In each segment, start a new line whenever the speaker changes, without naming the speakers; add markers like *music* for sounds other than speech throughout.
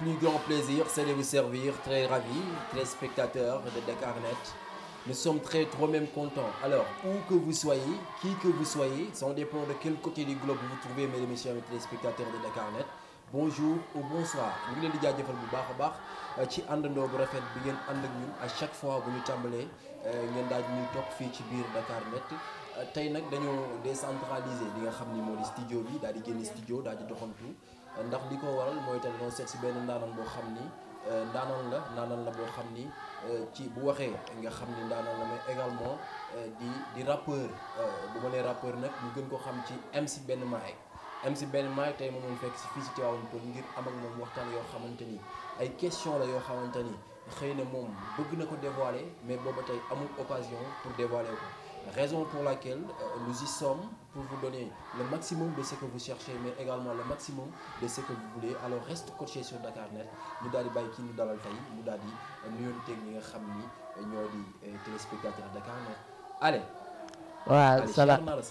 plus grand plaisir, c'est de vous servir. Très ravi, très spectateurs de Dakarnet. Nous sommes très trop-mêmes contents. Alors, où que vous soyez, qui que vous soyez, ça dépend de quel côté du globe vous vous trouvez, mesdames et messieurs, les téléspectateurs de Dakarnet. bonjour ou bonsoir ñu ngi leen di jaajëfal bu baax a baax euh, ci àndandoo bu rafet bi ngeen ànd ak ñun à chaque fois bu ñu tàmbalee euh, ngeen daal di ñuy toog fii ci biir Dakarnet euh, tey nag dañoo décentraliser li nga xam ni moo di studio daal di génn studio daal di doxantu. ndax li ko waral mooy tamit noo seet si benn ndaanaan boo xam ni euh, ndaanaan la ndaanaan la boo xam ni euh, ci bu waxee nga xam ne ndaanaan la mais également euh, di di rappeur bu ma nee rappeur nag ñu gën ko xam ci si Benn Maay si Benn Maay tey moom fekk si fii si Tivaouane Peulh ngir am ak moom waxtaan yoo xamante ni ay question la yoo xamante ni xëy na moom bëgg na ko dévoiler mais booba tey amul occasion pour dévoiler ko Raison pour laquelle euh, nous y sommes pour vous donner le maximum de ce que vous cherchez mais également le maximum de ce que vous voulez alors reste coaché sur Dakarnet ñu daal di bàyyi kii ñu dalal tey mu daal di nuyonteeg ñi nga xam ni euh, ñoo di euh, téléspectateur Dakarnet allez.
waaw salaam allez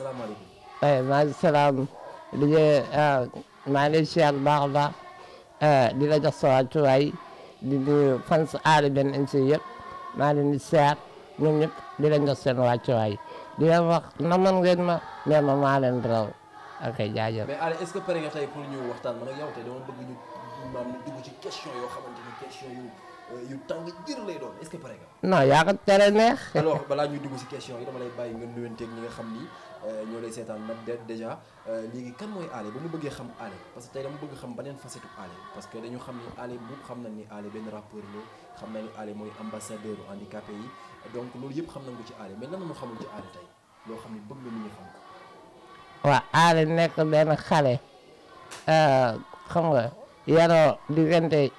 salaamaaleykum. salaam. di nga maa ngi baax a baax di la jox sa wàccuwaay di fans Arrêt Ben MC yëpp maa ngi leen di siyaar ñoom di leen jox seen wàccuwaay di leen wax na man ngeen ma mais ma maa leen raw ok jaajëf. mais
Alé est-ce que pare nga tey pour ñu waxtaan man ak yoo xamante ni question yu euh, yu tàng jër lay doon est-ce que pare nga. non yaa ko tere neex. balaa ñuy dugg ci question yi dama lay bàyyi nga nuyanteeg ñi nga xam ni euh, ñoo lay seetaan nag de déjà euh, léegi kan mooy Alé ba mu bëggee xam Alé parce que tey dama bëgg xam beneen facette Alé parce que dañu xam ni Alé bu xam na ni Alé benn rappeur la xam na ni yi. donc loolu ci aada mais lan
la ñu nekk benn xale euh, xam nga yaroo diggante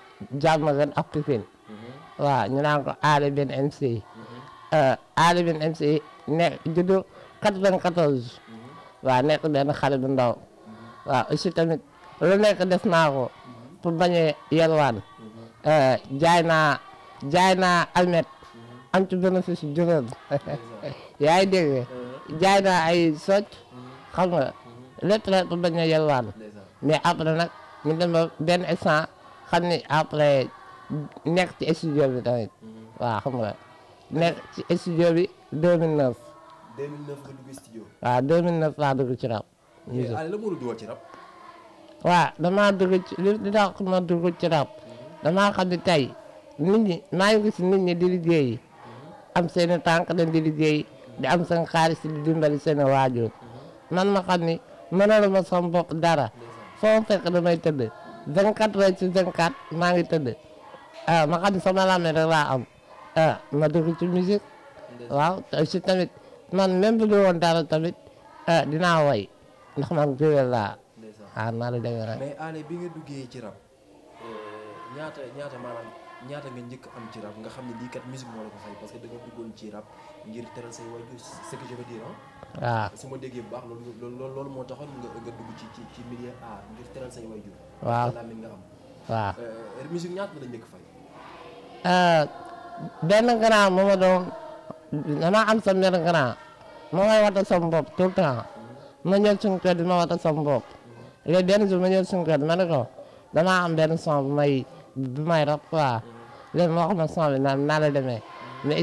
jàmm gën ak Pikine mm-hmm. waaw ñu naan ko aada bin MC mm-hmm. euh, aada bin MC nekk juddu 94 mm-hmm. waaw nekk benn xale bu ndaw waaw tamit lu nekk des naa ko pour bañ a yalwaan euh, jaay naa entreprenariat Jurbel yaa ngi dégg uh-huh. jaay naa ay socc uh-huh. xam nga uh-huh. lépp rek pour bañ a yelwaan mais après nag ñu dem ba benn instant xam ni après nekk ci studio bi tamit waaw xam nga nekk ci studio bi 2009.
2009 nga dugg studio.
waaw 2009 ci rab. musique damaa dugg ci rab damaa xam ne tey nit ñi maa ngi di liggéeyi. am seen i tànk dem di liggéey di am seen xaalis di dimbali seen i waajur man ma xam ni mënal ma sama dara foo fekk damay tëdd 24 heures ci 24 maa ngi tëdd a ah, ma xam ni sama làmmiñ rek am a ah, ma dugg ci musique waaw si tamit man même bu dul woon dara tamit ah dinaa woy ndax man géwél laa ah maa la demee rek. mais
Alé bi nga ñaata nga njëkk am ci rap nga xam ne lii kat musique moo la ko fay parce que da nga duggoon ci rap ngir teral say waajur ce que je veux dire ah. waaw su ma déggee bu baax loolu loolu moo taxoon nga nga dugg ci ci ci milieu art ngir euh, la njëkk fay.
Euh, benn grand moo ma sa benn grand moo may wata sama bopp tout le temps mm-hmm. ma ñëw suñu kër di ma wata sama bopp mm-hmm. léegi benn jour ma ñëw suñu kër ma ne ko damaa am benn son bu may. du may rab quoi léegi ma wax ma son bi naan naa la demee mais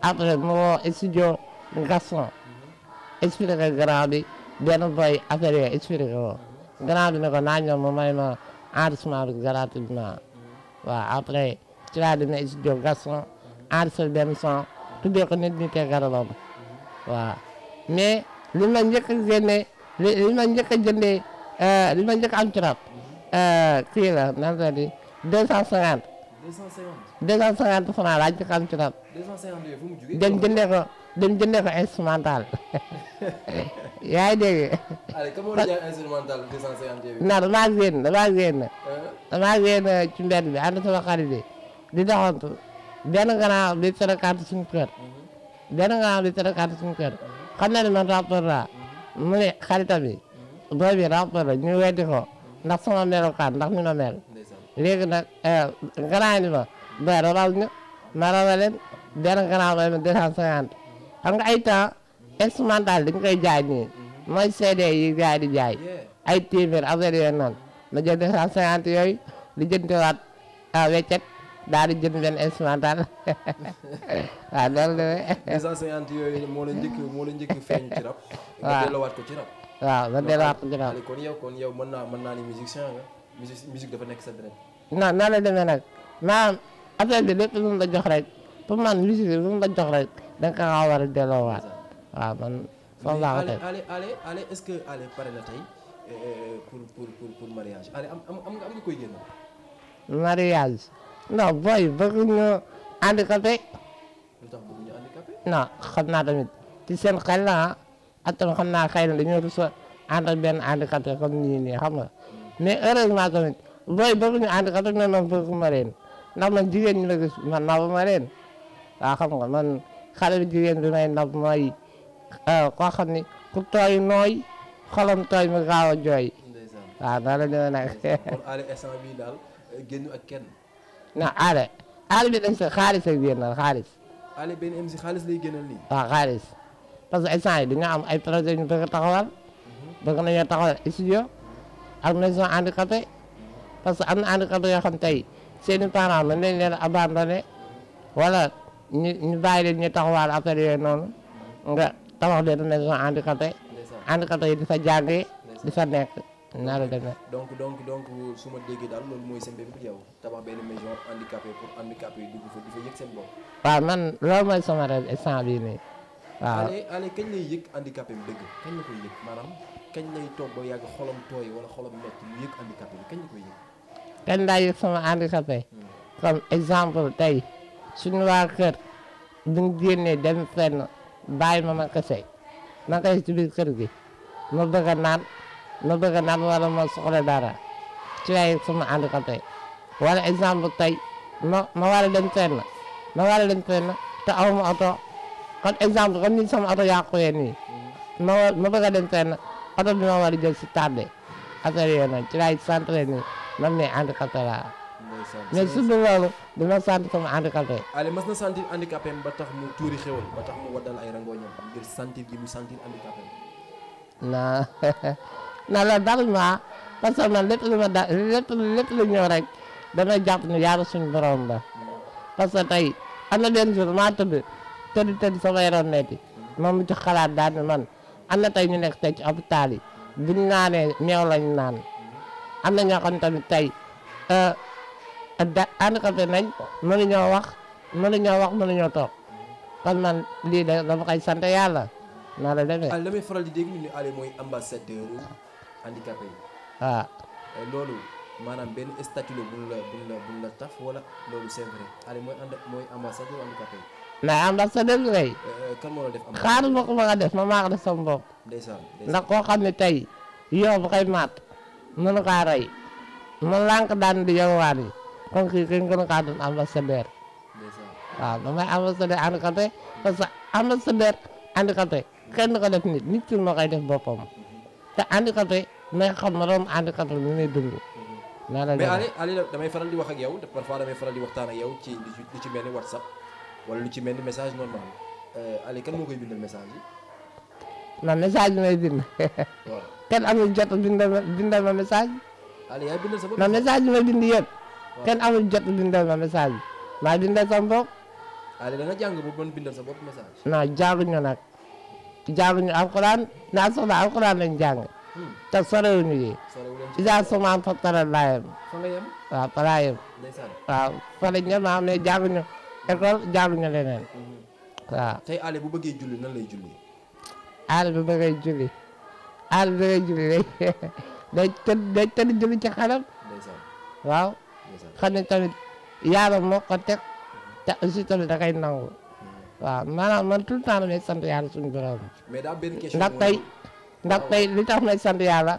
après mu woo studio Gaston expliqué ko grand bi benn boy affaire yooyu ko grand bi ne ko naa ñëw mu may ma enregistrement bi après ci laa dina studio Gaston enregistré benn son tuddee ko nit ñi te garabam waaw mais li ma njëkk a génnee a jëndee li ma njëkk euh, am ci Euh, kii la nan la di deux cent cinquante. deux cent cinquante franc laaj ci xam ci tam. deux cent cinquante yooyu fu mu jugee. dem jëndee ko dem jëndee ko instrumental. *laughs* yaa ngi dégg. allez ka moo jaay instrumental deux cent cinquante yooyu. non damaa génn damaa génn. Euh? damaa génn ci mbedd bi ànd sama xarit bi di doxantu benn gannaaw di cinquante suñu kër. Mm-hmm. benn gannaaw di cinquante suñu kër. Mm-hmm. xam na ne man rapport laa mm-hmm. mu ne xaritam bi. doom bi rapport la ñu weddi ko. ndax sama melokaan ndax mu no mel léegi nag eh, garaani ma ba raral ñu ma rawaleen benn garaan ma deux cent cinquante xam nga ay temps instrumental dañ koy jaay nii mhm. mooy CD yi jaay di jaay ay téeméer affaire yooyu noonu ma jël deux cent cinquante yooyu li jëntewaat ah, weccet daal di jënd benn instrumental
*laughs*
waaw loolu la.
250 yooyu moo la njëkk moo la njëkk feeñ ci rap. *laughs* waaw waaw ba dérape dérape kon yow kon yow mën naa mën naa ni musicien nga musique musique dafa nekk sa beneen.
la demee nag maanaam affaire bi la jox rek pour man musique bi lu mu da nga kaa war a delloowaat waaw man. foofu laa ko teg mais
Alé Alé Alé est-ce que Alé pare na tey euh, pour pour pour pour
nga ak tamit xam naa xëy na dañoo rus a ànd ak benn handicapé comme nii nii xam nga mais heureusement tamit booy bëgguñu handicapé mais man bëgguma leen ndax man jigéen ñi la gis man nabuma leen waaw xam nga man xale bi jigéen bi nab mooy euh, koo xam ni ku tooy nooy xolam tooy mu gaaw a jooy. waaw noonu la demee nag. kon
aale instant bii daal euh, génn ak kenn.
non aale aale bi dañ sa xaalis ak génnal xaalis. aale benn parce que instant yi dañoo am ay projet ñu bëgg a taxawal bëgg nañoo taxawal studio ak maison handicapé parce que am na handicapé yoo xam tey seen i parents mën nañ leen abandonné wala ñu ñu bàyyi leen ñu taxawal affaire yooyu noonu nga tabax leen maison handicapé handicapé yi di fa jàngee di fa nekk naa la demee.
donc donc donc su ma déggee daal loolu mooy seen bépp yow tabax benn maison handicapé pour handicapé yi dugg fa di fa yëg seen bopp.
waaw man loolu mooy sama rêve instant bii nii. waaw ale
ale kañ lay yëg handicapé bi dëgg la koy yëg maanaam kañ lay toog ba yàgg xolam tooy wala xolam metti mu yëg handicapé bi kañ la koy
yëg hmm. comme exemple tey suñu waa kër buñ génnee dem fenn bàyyi ma ma kese ma kese ci biir kër gi ma bëgg a naan ma bëgg naan wala ma soxla dara ci ay sama handicapé wala exemple tey ma ma war dem fenn ma war dem fenn te aw ma oto kon exemple comme ni sama oto yàquwee ma war ma bëgg a dem fenn oto bi ma war a jël si tardé affaire yooyu nag ci laay centré nii man mii handicapé laa. mais su dul loolu dina sant sama handicapé.
Aly mas na sentir handicapé ba tax mu tuuri xéwal ba tax mu *laughs*
ma parce ma da lépp lépp lu ñëw rek damay jàpp ne yàlla suñu borom la mm. parce que tey am na benn tëdd tëdd sama yaram metti moom mu ci xalaat daal ne man am na tey ñu nekk tey ci hôpital yi buñ naanee meew lañ naan am na ñoo xam tamit tey euh, da handicapé nañ mënuñoo wax mënuñoo wax mënuñoo toog kon man lii de dama koy sant yàlla naa la demee. Ali
damay faral di dégg ñu ne Ali mooy ambassadeur handicapé yi. waaw ah. euh, loolu maanaam benn statut la buñ la buñ la buñ la taf wala loolu c'est vrai Ali mooy mooy ambassadeur handicapé yi.
mais am ndax sa def ngay. Euh,
euh, kan moo la def ma
ko ma def ma maa ko def sama bopp. ndax koo xam ne tey yow bu koy maat mënu kaa rey ma lànk daan di yowaan yi kon kii kenn gën kaa doon ambassadeur. waaw damay ambassadeur handicapé parce que ambassadeur handicapé kenn ko def nit nit ki moo koy def boppam te handicapé nay xam ma doon handicapé ñu lay dund.
Mm-hmm. naa la mais Ali Ali damay faral di wax ak yow parfois damay faral di waxtaan ak yow ci li ci mel ni WhatsApp. wala lu ci mel ni message normal euh, Ali kan moo koy bindal message
ma non message bi may bind. *laughs* waaw kenn amul jot bindal ma bindal ma message.
Ali yaa bindal sa bopp. bi may bind yëpp.
kenn amul jot bindal ma message bi. maa bindal sama bopp.
Ali da nga jàng bu bon bindal sa bopp message.
non jaaruñu nag jaaruñu alxuraan naa soxla alxuraan lañ jàng. Hmm. te sorewuñu yi. sorewuñu yi isa suma am fa taral laa yem. fa nga yem. waaw fa laa yem. ndeysaan waaw ñu école jànguñu leneen. Mm-hmm.
waaw tey aale bu bëggee julli nan lay julli.
bu bëggee julli aale bu bëggee julli rek *laughs* day tëdd day tëdd julli ci xalam. waaw. xam ne tamit yàlla moo ko teg te aussi tamit da koy nangu.
Mm-hmm.
waaw maanaam man tout le temps sant yàlla suñu borom. ndax tey ndax tey li tax may sant yàlla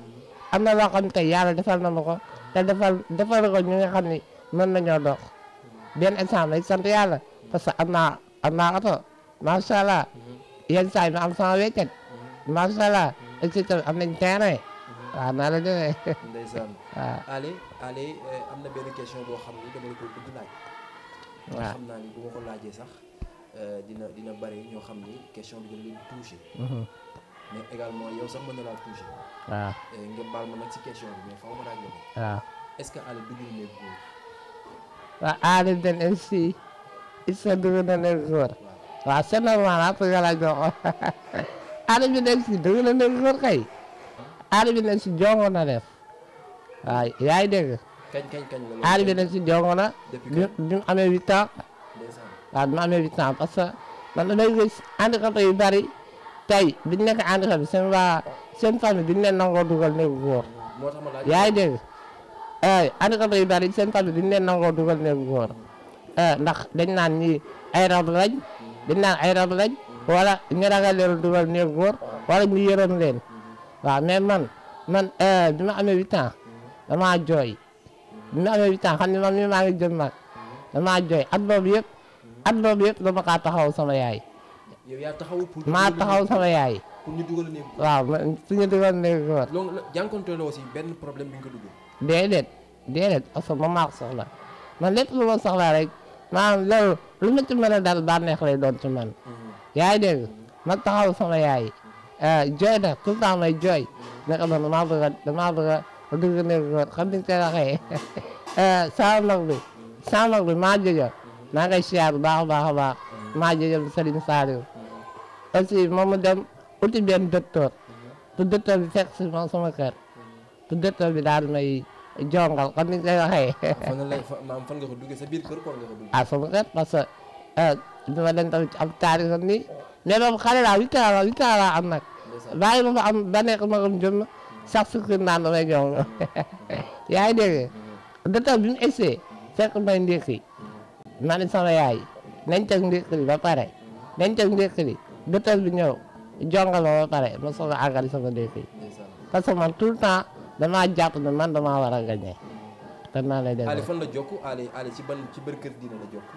am na loo xam tey yàlla defal na ma ko te defal defal ko ñu nga xam ne mën nañoo dox. benn instant may sant yàlla parce que am naa am naa oto macha allah yenn saa yi ma am sama wékkat macha am nañ terrain naa la demee. ndeysaan
na benn question boo xam ni dama la ko bëgg laaj. waaw xam naa ni bu ko laajee sax eh, dina dina bari ñoo xam ni question bi dina leen touché. Mm-hmm. mais également yow na laa touché. waaw ah. eh, nga baal ma nag ci question bi mais faaw ma laaj la ko. waaw ah. est-ce que Ali dugg
waaw Arlington FC Issa dugg na nekk góor waaw c'est normal ah jongo na def waaw yaa ngi dégg. kañ
kañ kañ la Arlington FC
jongo na. depuis bi bi mu amee huit ans. waaw bi mu amee huit ans parce que man damay gis handicapé yu bari tey bi ñu nekk handicapé waa seen famille bi ñu leen nangoo dugal handicapés yu bari seen bi dañ leen nangoo dugal ne góor eh, ndax dañ naan ñi ay rab lañ dañ naan ay rab lañ wala ñu ragal leen dugal ne góor wala ñu yërëm leen waa mais man man eh, bi ma amee huit ans damaa jooy bi ma amee huit xam ne ma mii maa ngi jëm mag damaa jooy at boobu yëpp at boobu yëpp dama kaa taxaw sama yaay
yow yaa taxaw pour maa taxaw sama yaay. pour ñu dugal néeg.
waaw man suñu dugal néeg góor.
loolu jànkuwante aussi benn problème bi nga
déedéet déedéet oto moom maa ko soxla man lépp lu ma soxlaa rek maanaam loolu lu ma ci mën a dal bànneex lay doon ci man mm-hmm. yaay dégg ma taxaw sama yaay euh, jooy na tout le temps may jooy ne ko man damaa bëgg a damaa bëgg a dugg néeg góor xam ni nga koy waxee sama mag bi sama mag bi maa jóge maa ngay siyaar bu baax a baax a baax ma jóge bu mu dem uti benn docteur
te
mm-hmm. docteur bi fekk si moom sama kër te dëttal bi daal may jongal comme ni ñu koy waxee. fan la
maam fan nga ko duggee sa biir kër kon nga ko duggee. a sama
kër parce que dama euh, dem tamit am taari sax nii mais loolu xale laa huit ans laa huit am nag. bàyyi ma ba nekk ma ko jëm sax sukkir naan damay jox ma yaa ngi dégg dëttal mm-hmm. bi mu essayé mm-hmm. fekk may ndékki mm-hmm. ma ne sama yaay nañ teg ndékki ba pare nañ teg ndékki bi ñëw jongal ma ba pare ma soog a àggali sama ndékki parce man tout damaa jàpp ne man damaa war a gañe te naa lay demee. Allé
la jokk Allé Allé ci ban ci bër kër diine la jokk.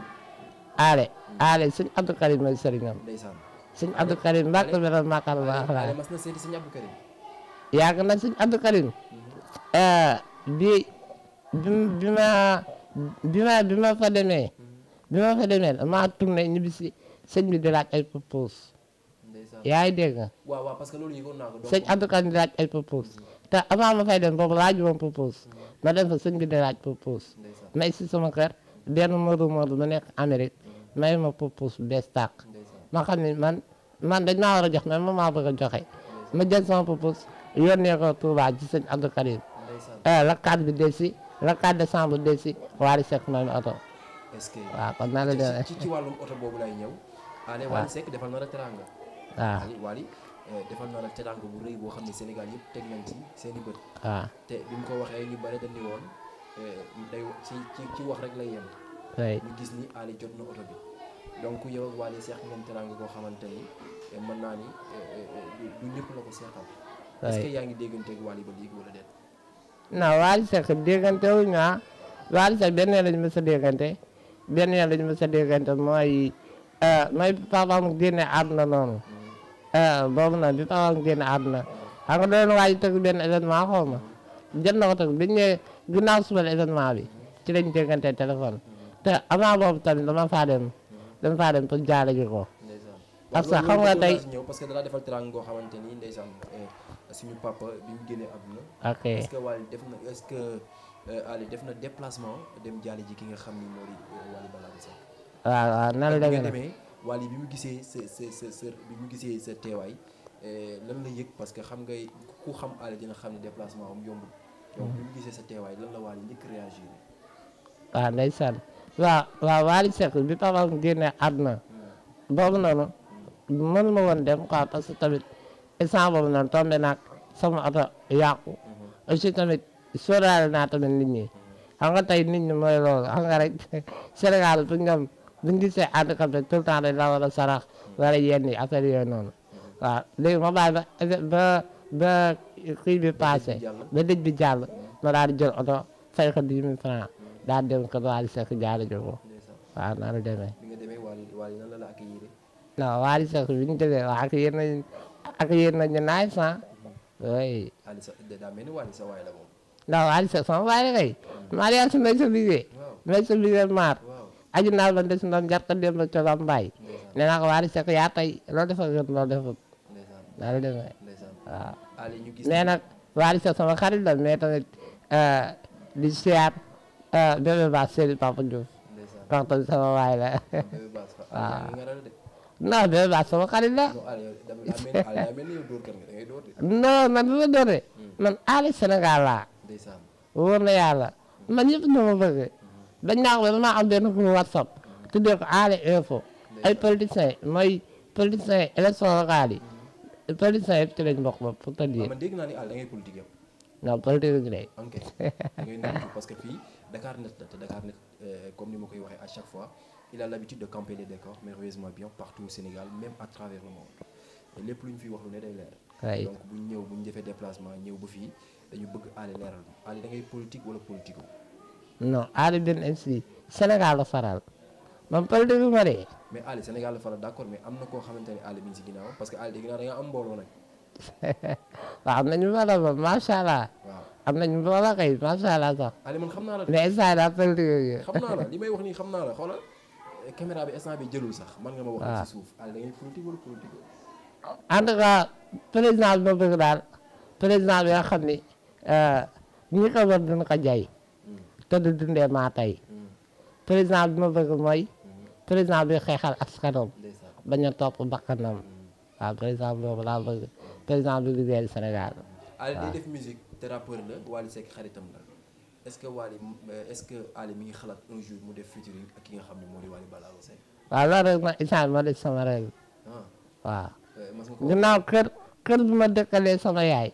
Allé Allé sëñ Abdou Karim mooy sëriñam. ndeysaan sëñ Abdou Karim mbàkk bi la màkkal baax laa. Allé mas
na seeti sëñ Abdou Karim.
yàgg na sëñ mhm. euh, bi bi ma bi ma bi ma fa demee. Mhm. bi ma fa demee damaa tourné ñibbi si sëñ bi di laaj ay propos.
yaa ngi dégg nga. waaw waaw parce que loolu yëgoon naa ko. sëñ
laaj ay propos. Mhm. te avant ma fay dem boobu laaj ma propose ma dem fa sëñ bi di laaj propose may si sama kër benn Modou Modou ma nekk Amérique may ma propose bees tàq ma xam ne man man dañ maa war a jox mais ma maa bëgg a joxe ma jël sama propose yónnee ko Touba ci sëñ Abdou Karim eh, la carte bi del si la 4 décembre del si Wally Seck may ma oto
waaw kon naa la ci wàllum oto boobu lay ñëw *laughs* Wally Seck defal na la Euh, defal na la teraanga bu rëy boo xam ne Sénégal yëpp teg nañ ci seen i bët. waaw ah. te bi mu ko waxee ñu bëri dañ ni woon euh, day ci ci ci wax rek lay yem. waay ñu gis ni Ali jot na oto bi. donc yow ak Wally Seck ngeen teraanga koo xamante ni euh, mën naa ni du ñëpp la ko seexal. waay que yaa ngi déggante ak Wally ba léegi wala déet.
non Wally Seck déggante wuñu ah. Wally Seck benn yoon lañu mës a déggante. benn yoon lañu mës a déggante mooy mooy papaam génne na noonu. Mm. Ah, boobu nag di taxawal génn àdduna xam nga doon waaj tëgg benn événement xaw ma jot na ko tëgg biñ ne ginnaaw suba événement bi ci lañ déggante téléphone te avant boobu tamit dama faa dem dama faa ji ko.
ak xam nga tey ñëw parce que dala defal teraanga goo xamante ni ndeysaan eh, suñu papa bi mu génnee ok na est-ce que eh, Ali na déplacement dem jaale ji ki nga xam ni moo di eh, Wally bi mu gisee sa sa gisee sa teewaay eh, lan la yëg parce que xam nga ku xam Alé dina xam ne déplacement am yombul. donc bi mu gisee sa teewaay lan la Wally njëkk réagir.
waaw ah, ndeysaan waaw waaw Wally Seck bi papam génne àdduna boobu noonu mën ma woon dem quoi parce que tamit instant mhm. naa tamit nit ñi mhm. xam nga tey nit ñi mooy loolu xam nga rek *laughs* Sénégal bu ñu buñ gisee ànd comme ça tout le temps dañ la war a sarax war a yenni affaire yooyu noonu waaw léegi ma bàyyi ba ba kii bi passé ba dëj bi jàll ma daal di jël oto fay ko dix mille francs daal di dem ko Waly Seck jaara jógo waaw naa la demee non Waly Seck bi ñu demee waaw ak yéen nañ ak yéen nañu naaj san oui non Waly Seck sama sa liggéey sa liggéey maar aju naaw la des noonu jar ko delloo colam bàyyi nee naa ko la demee waaw nee nag Wally Seck sama xarit la mais tamit euh, di siyaar euh, bébé baas seeni Papa Diouf ndax tamit sama waay la *laughs* waaw non bébé sama xarit la non man bi ma dooree hmm. man aali Sénégal laa wóor na yàlla man ñëpp ñoo ma bëgg dañ naa ko damaa am benn groupe whatsapp tuddee ko aale info ay politiciens mooy politiciens yi élection locale yi politiciens yëpp ci ah, naa
ni àll ah, da ngay politique yow. non politique euh, comme ni ma koy waxee à fois il a l'habitude de camper les décors merveilleusement bien partout au Sénégal même à travers le monde lépp lu ñu fi wax lu ne day leer. waay donc bu ñu ñëw bu ñu defee déplacement ñëw ba fii dañu bëgg aale leeral aale da ngay politique wala
non Aly Bin MC Sénégal la faral man Baldé bi ma dee.
mais Aly Sénégal la faral d' accord mais am na koo xamante ne Aly bi ci ginnaaw parce que Aly di am mbooloo nag.
*laughs* waaw am nañu mbooloo ba macha allah. waaw am nañu mbooloo kay macha allah sax. Aly man xam naa la mais
bi instant sax. man nga ma wax ah. ci suuf Aly da ngay politique wala politique.
en tout cas président bi ma bëgg daal président bi nga xam ni euh, ñi ko war te du dundee maa tey président bi ma bëgg mooy président bi xeexal bañ a topp bakkanam waaw président boobu laa bëgg président Sénégal. waaw
la Wally Seck xaritam la ce que Wally euh, ce que Ali mi ngi xalaat un jour mu def
ma isaan sama réew. Ah. waaw. Euh, ginnaaw kër kër bi ma dëkkalee sama yaay.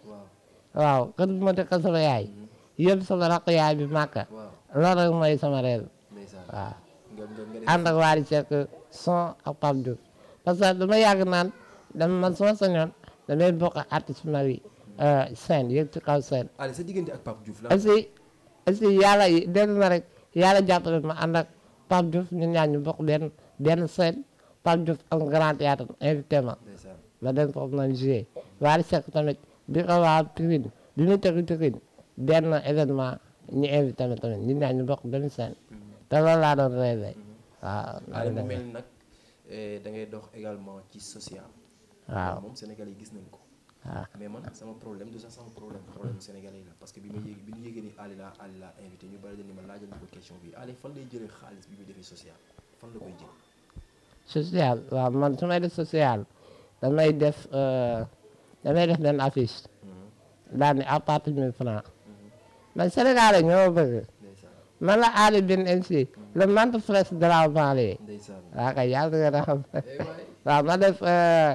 waaw kër bi ma dëkkal sama yaay. Mm-hmm. yéen sama rakk yaay bi màkka. loolu rek mooy sama réel waaw ànd ak Wally Seck son ak Pape Diouf parce que dama yàgg naan dama man sama sañoon damay bokk ak artiste mag yi euh, ci kaw seen
sa diggante ak Pape Diouf la
aussi na rek yàlla jàppale ma ànd ak Pape Diouf ñun ñaar ñu bokk benn benn seen Pape Diouf am grand théâtre invité ma ma dem foofu noonu joué Wally Seck tamit bi ko waa Pikine bi ñu tegu benn événement ñu invité ma tamit ñu neex ñu bokk benn seen te loolu laa doon rêvé waaw. waaw mel
nag eh, da ngay dox également ci social. waaw moom Sénégal gis nañ ko. waaw mais man sama problème du sax sama problème problème Sénégal yi la parce que bi ma bi ñu yéegee ni Ali la Ali la invité ñu bari dañ ma laajal ñu ko question bi Ali fan lay jëlee xaalis bi muy defee social fan la koy jël.
social waaw man su may def social damay def euh, damay def benn affiche. Mhm. daal ni à partir man Sénégal ñoo bëgg man la Ali bin MC mm. le menthe fraîche de la vallée kay yàlla nga xam eh *laughs* ma def euh,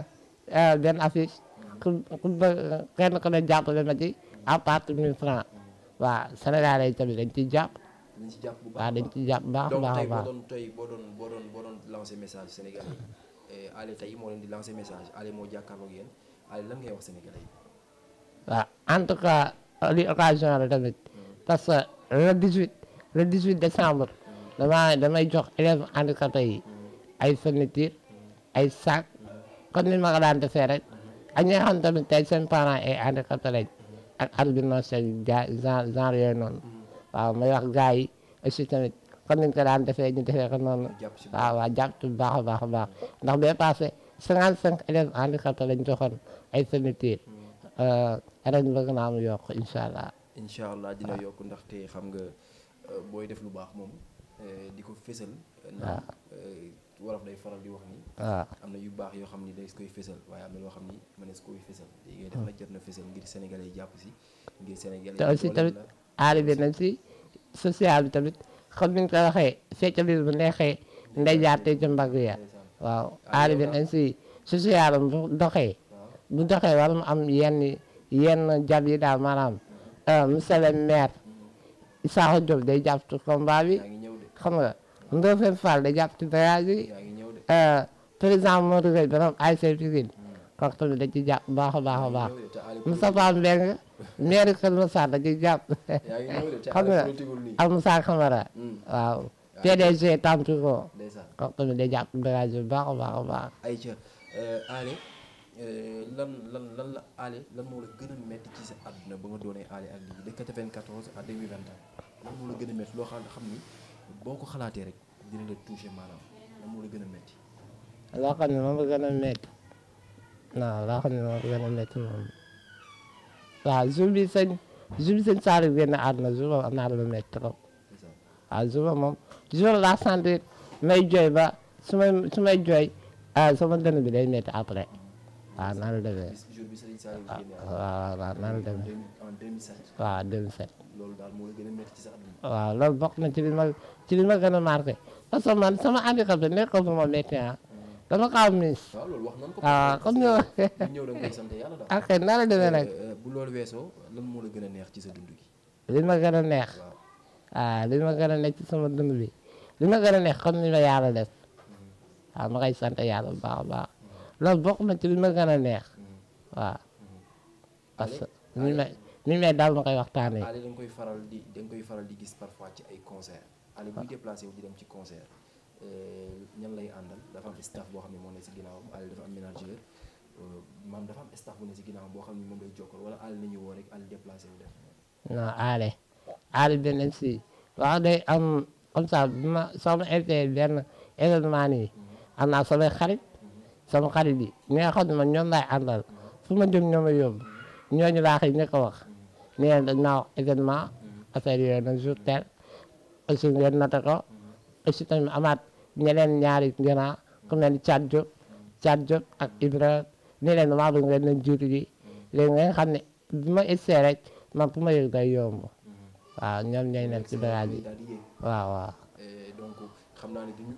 euh, benn affiche mm. ku ku bëgg kenn ku ne ma ci à partir mille francs mm. waaw Sénégal yi tamit ci ciy jàpp
dañ ciy jàpp bu baax baax baax baax *laughs* eh, moo leen lan ngay wax Sénégalais
li occasion la tamit parce que le 18 le 18 décembre damaa damay jox élèves handicapés yi ay fourniture ay sac kon ni ma daan defee rek ak ñi nga xam seen parents ay handicapés lañ ak albinose genre genre yooyu noonu waaw may wax gars yi aussi tamit kon niñ ko daan defee ñu defee ko noonu waaw waaw jàpp bu baax a baax a baax ndax bee passé 55 élèves handicapés lañ joxoon ay fourniture ren la gën a yokk incha allah.
incha allah dina yokk ndaxte xam nga eh, booy def lu baax moom eh, di ko fësal waaw ah. eh, wolof day faral di wax ni. waaw ah. am na yu baax yoo xam ni day koy fésal waaye am na loo xam ni mënees koy fésal. léegi def na jot na ngir sénégalais jàpp si. ngir sénégalais te aussi tamit
aar bi nañ si social bi tamit xam ni nga ko waxee fecc bi bu neexee. ndey jaartee ca ya waaw aar bi nañ si social am doxee. bu doxee war am yenn yenn jab yi daal maanaam euh, monsieur le maire Issakha Diop day jàpp ci combat bi xam nga Ndofène Fall day jàpp ci voyage bi euh, président Modou Gueye borom ASC Pikine hmm. kooku tamit da ciy jàpp baax a baax a baax Moustapha Mbengue maire Kër Moussa da ciy jàpp *laughs* xam nga ak Moussa Camara hmm. waaw PDG Tampico baax a baax
euh, Euh, lan lan la moo la gën a métti ci sa àdduna ba nga doonee Alé ak lii de 94 à 2020 lan moo la gën a métti loo xam la touché maanaam lan moo la a métti.
loo xam ne moom la gën a métti waaw loo xam ne moom la gën a métti moom waaw jour bi sëñ jour bi sëñ Saliou génn àdduna jour boobu am naa lu métti laa sant may jooy ba su may su may jooy ah sama dënn bi day métti après. waaw nan de demee
waaw waaw nan la demee
waaw 2007 waaw loolu bok na ci ma ci li ma gën a marqué parce que man sama handicap bi nekkul ma métti ah dama xaw miis waaw comme ñëw a nan la demee nag
bu loolu weesoo lan moo la gën a neex ci sa dund gi
li ma gën a neex waaw li ma gën a neex ci sama dund bi li ma gën a neex comme ni ma yàlla def waaw ma koy sant yàlla baax a baax loolu bokk na ci li ma gën a neex mm. waaw. parce que ni may ni daal ma koy waxtaanee. Aliou
da nga koy faral di da nga koy faral di gis parfois ci ay concert Aliou buy ah. déplacé wu di dem ci concert euh, ñan lay àndal dafa am staff boo xam ne moo ne si ginnaawam Aliou dafa am ménageur euh, maam dafa si ginnaawam boo xam ne moom lay jokkal wala Aliou nañu woo rek Aliou déplacé wu def.
non Aliou Aliou beneen si waaw day am comme ça bi ma soo ma invité benn événement nii mm-hmm. am naa samay xarit. sama xarit yi ñi nga xam ne man ñoom laay àndal fu ma jëm ñoo ma yóbbu ñooñu laa ñu ko wax nee nañ dañ naa wax événement affaire yooyu nag jour tel aussi ngeen nata ko aussi tamit amaat ñeneen ñaari gannaaw ku mel ni Thiat Diop Thiat Diop ak Ibrahima ne leen maa bëgg ngeen leen jiitu ji léegi nga xam ne bu ma essayé rek man fu ma yëg day yomb waaw ñoom ñooy nekk ci bagage yi waaw
xam naa ne du ñu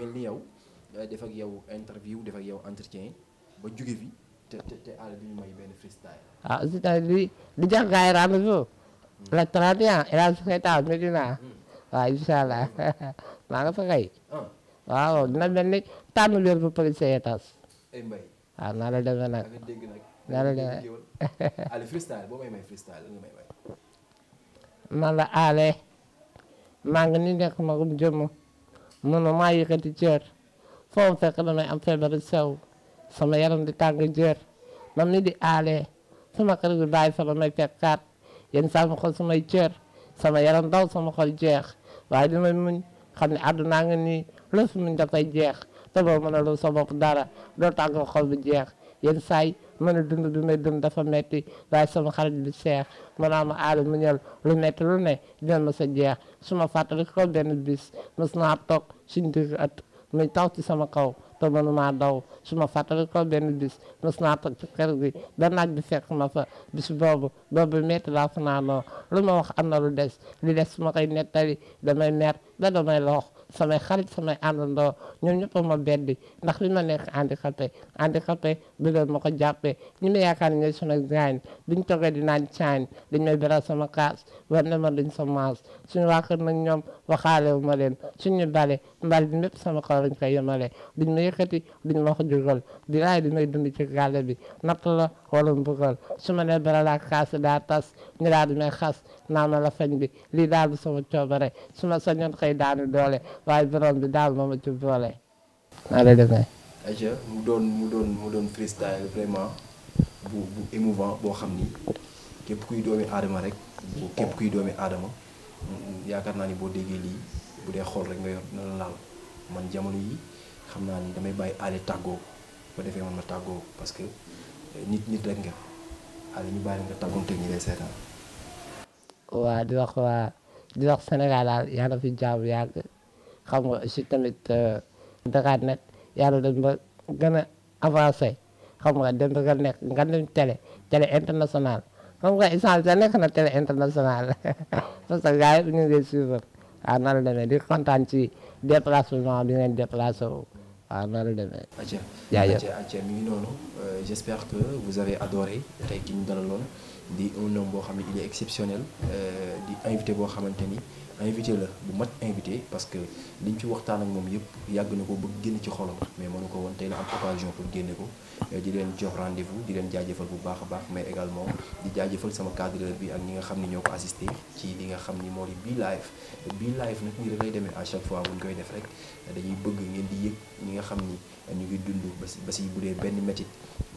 mel ni yow. Euh, def ak yow interview ba jóge fi te te te bi ñu may benn freestyle.
ah à dire li li jox hmm. hmm. waaw incha hmm. *laughs* maa nga fa kay. Ah. waaw dina mel ni tànn bu police yi waaw naa la demee nag naa la demee. *laughs* Allez
nga may may.
man la jëmm mënu maa yëkkati cër. foofu fekk damay am feebar bu sew sama yaram di tàng jër ma ni di ale sama kër gi bàyyi fa damay fekkaat yenn saa ma xool samay cër sama yaram daw sama xol jeex waaye ma muñ xam ne àddunaa nga nii lës muñ dafay jeex te boo mën a lu sa bopp dara doo tàng xol bu jeex yenn saay mën a dund du may dund dafa metti waaye sama xarit bi seex ma naa ma aada mu ñëw lu metti lu ne dina ma sa jeex su ma fàttali ko benn bis mës naa toog suñ digg mu taw ci sama kaw to te maa daw su ma fàttali ko benn bis mës naa ta ci kër gi ba naaj bi fekk ma fa bis boobu boobu la laa fanaanoo lu ma wax am na lu des li des su ma koy nettali damay mer ba damay loox samay xarit samay àndandoo ñoom ñëpp ma beddi ndax li ma nekk handicapé handicapé bi doon ma ko jàppee ñi ma yaakaar ne ñooy sama gaañ duñ toggee di naan caañ dañ may a sama kaas war ne ma duñ sa maas suñu waa kër nag ñoom waxaale wu ma leen suñu bale mbal bi mépp sama kaw lañ koy yemale duñ ma yëkkati duñ ma ko jugal di laay di may dund ci gàlle bi natt la wala mbugal su ma nee beral ak kaas daa tas ñu daal di may xas naa ma la fañ bi lii daal du sama coobare su ma sañoon xëy daanu doole waaye borom bi daal moom la ci boole.
naa lay def mu doon mu doon mu doon bu bu boo xam ni képp kuy doomi aadama rek képp kuy doomi aadama yaakaar naa ni boo déggee lii bu dee xool rek nga yor la laal man jamono yi xam naa ni damay bàyyi aale tàggoo ba defee man ma tàggoo parce que nit nit rek nga aale ñu bàyyi nga tàggoon teg ñi lay seetaan.
waa di wax waa di wax Sénégal daal yàlla fi jàmm yàgg. xam nga aussi tamit euh, Dakar net yàlla dañ ba a avancé xam nga dem ba nga nekk nga dem télé télé international xam nga isaan sa nekk na télé international *laughs* parce que gars yi ñu ngi suivre waaw ah, nan la di kontaan ci déplacement bi ngeen déplacé a ah, waaw nan la euh,
di boo xam ne il euh, invité boo xamante ni. invité la bu mat invité parce que liñ fi waxtaan ak moom yëpp yàgg na ko bëgg génn ci xolam mais mënu ko woon tey na am occasion pour génne ko euh, di leen jox rendez-vous di leen jaajafal bu baax a baax mais également di jaajëfal sama cadreur bi ak ñi nga xam ni ñoo ko assisté ci li nga xam ni moo di bii live bii live nag nii rek lay demee à chaque fois buñ koy def rek dañuy bëgg ngeen di yëg ñi nga xam ni ñu ngi dundu ba si ba si bu dee benn métit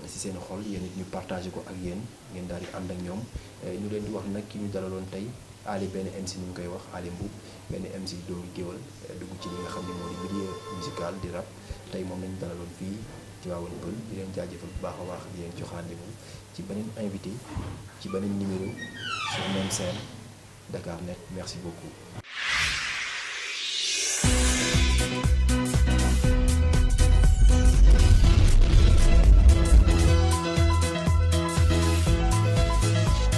si seen xol yéen ñu partagé ko ak yéen ngeen daal di ànd ak ñoom euh, ñu leen di nag ki ñu dalaloon tey Ali benn MC mi mu koy wax Ali Mbu benn MC doomu géwal eh, dugg ci li nga xam ne moom di milieu musical di rap tey moom lañu dalaloon fii ci waawoon pël di leen jaajëfal bu baax a baax di leen joxaandi moom ci beneen invité ci beneen numéro sur même scène Dakar Net merci beaucoup